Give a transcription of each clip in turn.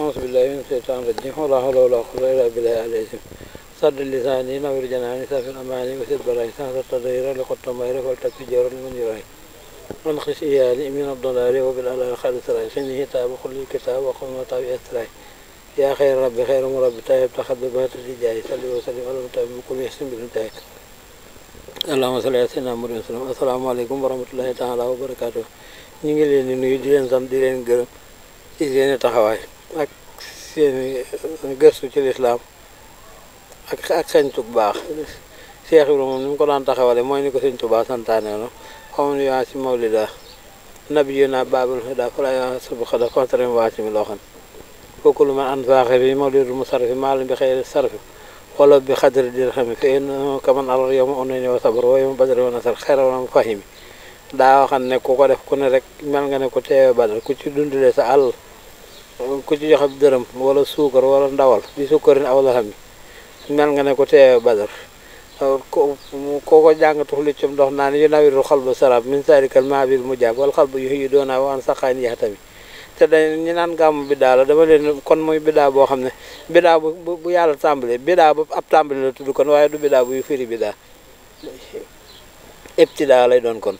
أعوذ بالله من الشيطان الرجيم ولا حول ولا قوة إلا بالله العظيم صد لساني نور جناني سافر أماني وسد براي سهل التغيير لقد تمير فلتكفي جور لمن يراي وانقش إيالي من الضلال وبالألال خالد سراي سنه تاب كل الكتاب وقل ما تاب أسراي يا خير ربي خير مربي تايب تخذ بهات الرجاي صلي وسلم على المتابع بكل يحسن بالمتايب اللهم صل على سيدنا محمد وسلم السلام عليكم ورحمة الله تعالى وبركاته ñu ngi leen di nuyu di leen sant di leen gërëm ci seen taxawaay ak seeni gëstu ci lislaam ak ak sañ tub baax Seex Ibra moom ni mu ko daan taxawale mooy ni ko sëñ Tuubaa santaane no xamun yoa si mawlida nabi yo na babul da fala yo sabu xada loo lu ma an faaxe bi mawlidul musarrafi maalum bi xëy sarfi wala bi xadri dirhami fe kaman arar yow ma onne ni wa sabar woo yow ma badari wa nasar xayra wa fahimi daa waxam ne ku ko def ku ne rek mel nga ne ku teewe badal ku ci dundalee sa àll ku ci jox ab dërëm wala suukar wala ndawal bi sukkarin aw mel nga ne ko teewee badar ko ko jàng tuxli ci ndox naan yu nawiru xal sarab min sarikal maabil mu jaab wala xal ba yu yu doonaa waan saqaan yax te dañ naan gàmmu biddaa la dama leen kon muy biddaa boo xam ne biddaa bu bu yàlla tàmbalee biddaa ba ab tàmbali la tudd kon waaye du biddaa buy firi biddaa ibtidaa lay doon kon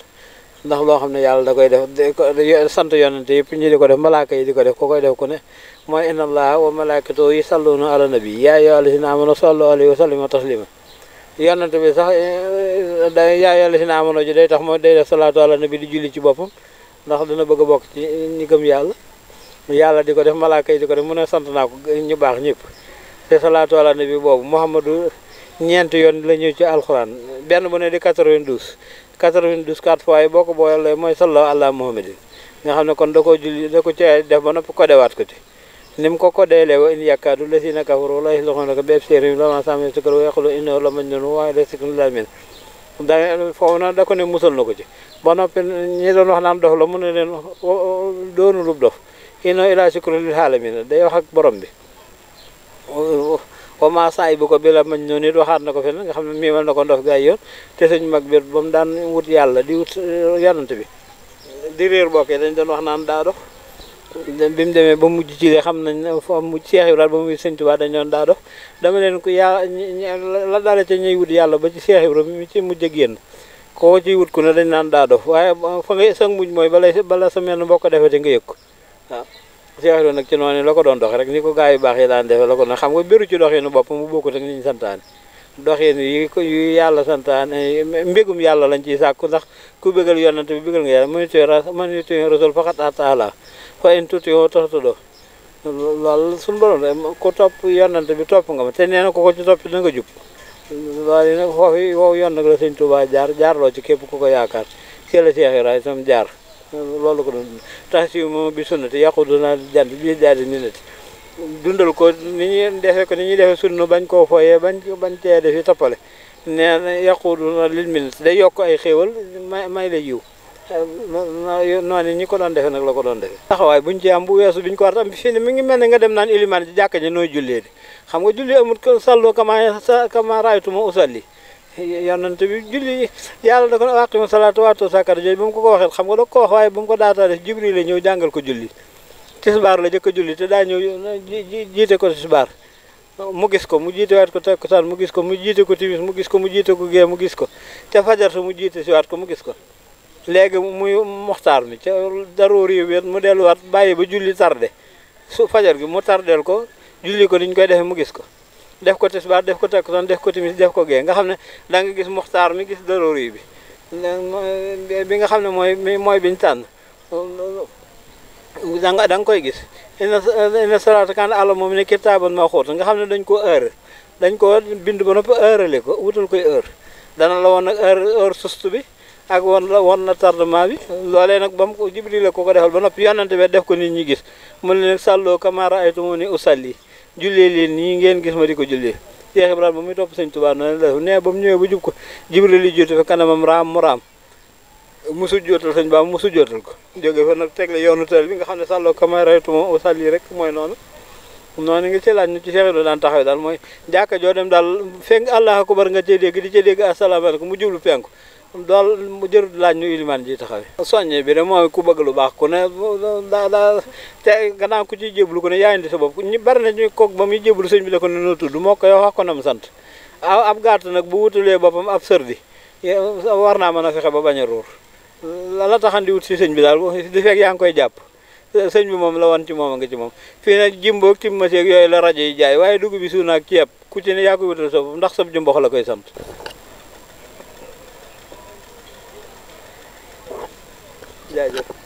ndax loo xam ne yàlla da koy def sant yonent yëpp ñu di ko def malaaka yi di ko def ko koy def ko ne mooy inna allaha wa malaikatahu yusalluna ala nabi yaa ayyuha allazina amanu sallu alayhi wa sallimu taslima yonent bi sax eh, yaa ayyuha allazina amanu ji day tax mooy day def salaatu ala nabi di julli ci boppam ndax dina bëgg a bokk ci ñi gëm yàlla yàlla di ko def malaaka yi di ko def mu ne sant naa ko ñu baax ñëpp te salaatu ala nabi boobu ñeenti yoon la ñëw ci alxuraan benn bu ne di 92 92 quatre fois yi boo ko boolee mooy sallallahu ala muhammadin nga xam ne kon da koo julli da ko cee def ba noppi kodewaat ko ci ni mu ko kodeelee wa in yàkkaadu la si na kafaru la yuslihuuna ko bépp séeréer la ma sàmm si kër wa yaqulu innahu la majnun waaye la sikun la min da foofu nag da ko ne musal na ko ci ba noppi ñi doon wax naan dof la mu ne leen doonu lub dof innahu ilaa sikru lil aalamiin day wax ak borom bi comment saa yi bu ko bila mañ noonu it waxaat na ko fenn nga xam ne miimal na ko ndof gaay yoon te suñ mag biir ba mu daan wut yàlla di wut uh, yonant bi di réer bokk yi dañ doon wax naan daa dox bi ba mujj ci xam nañ ne fa mu Cheikh Ibrahima ba muy Sëñ dañ doon daa dox dama leen ku yaa la daale ca ñuy wut yàlla ba ci Cheikh Ibrahima ci mujj a génn koo ciy wut ku ne dañ naan daa dof waaye fa nga sa mujj mooy balay bala sa mel mbokk defete nga yëg ko Cheikh nag ci noonu la ko doon doxe rek ni ko gaa yu baax yi daan defe la ko doon xam nga béru ci doxinu bopp mu bokkut ak ni ñu santaane doxin yi ko yu yàlla santaane mbégum yàlla lañ ciy sàkku ndax ku bégal yonante bi bégal nga yàlla mënu ci mënu ci rasul faqat ataala fa in tuuti yoo taxatuloo loolu suñu borom de ku topp yonante bi topp nga ma te nee na ku ko ci topp dina nga jub loolu nag foofu foofu yoon nag la sëñ Tuubaa jaar jaarloo ci képp ku ko yaakaar ci la loolu ko doon tax si moom bi sunna te yàqu du naa jant bi daal di ninati dundal ko ni ñuy defee ko ni ñuy defee sunna bañ koo fooyee bañ bañ cee defi toppale nee na yàqu du naa lil day yokk ay xéewal may may la yiw noonu ñi ko doon defee nag la ko doon defee taxawaay buñ ci am bu weesu biñ ko war am fii ne mi ngi mel ne nga dem naan ilimaan ci jàkka ji nooy jullee di xam nga julli amul ko salloo kama kama raaytuma usalli yonent bi julli yàlla da ko aqimu salaata waatu sakara jooju ba mu ko ko waxee xam nga da ko wax waaye ba mu ko daataa def jibril la ñëw jàngal ko julli tisbaar la jëkk a julli te daa ñëw jiite ko tisbaar mu gis ko mu jiite waat ko takkusaan mu gis ko mu jiite ko timis mu gis ko mu gee mu gis ko te fajar su mu jiite si waat ko mu gis ko léegi muy moxtaar mi ca daruuri bi mu delluwaat bàyyi ba julli tardé su fajar gi mu tar tardel ko julli ko niñ koy defee mu gis ko def ko tisbaar def ko takkusaan def ko timis def ko gee nga xam ne da nga gis muxtaar mi gis daruri bi bi nga xam ne mooy mooy biñ tànn da nga da nga koy gis inna salaata kaanat alal mu'miniina kitaaban mawquutan nga xam ne dañ ko heure dañ ko bind ba noppi heurele ko wutal koy heure dana la woon nag heure heure sustu bi ak woon la won na tardement bi loolee nag ba mu Jibril la ko ko defal ba noppi yonante bi def ko nit ñi gis mu ne nag sàlloo kamaa ra'aytumuunii usallii jullee leen nii ngeen gis ma di ko jullee Cheikh Ibrahima ba muy topp sëñ Tuubaa noonu la nee ba mu ñëwee ba jub ko Jibril li jóotu fa kanamam raam mu raam mu sujjootal sëñ Bamba mu sujjootal ko jóge fa nag tegle yoonu tëral bi nga xam ne sàlloo kamay raytu moom au rek mooy noonu noonu nga ci laaj ñu ci Cheikh Ibrahima daan taxawee daal mooy jàkka joo dem daal fekk Allahu akbar nga cee dégg di cee dégg asalaamaaleykum mu jublu penku daal mu jërut laaj nu ilimaan ji taxawee soññe bi de moo ku bëgg lu baax ku ne daa daa te gannaaw ku ciy jéblu ko ne yaa indi sa bopp ñu bari na ñu koog ba muy jéblu sëñ bi da ko ne noo tudd moo ko yow wax ko nam sant a ab gàtt nag bu wutalee boppam ab sër di war naa mën a fexe ba bañ a la la taxan di wut si sëñ bi daal di fekk yaa ngi koy jàpp sëñ bi moom la wan ci moom a nga ci moom fii nag jimboog timmaseeg yooyu la rajo yi jaay waaye dugub bi suuna ak ceeb ku ci ne yaa koy ndax sa jumbox la koy sant jaajëf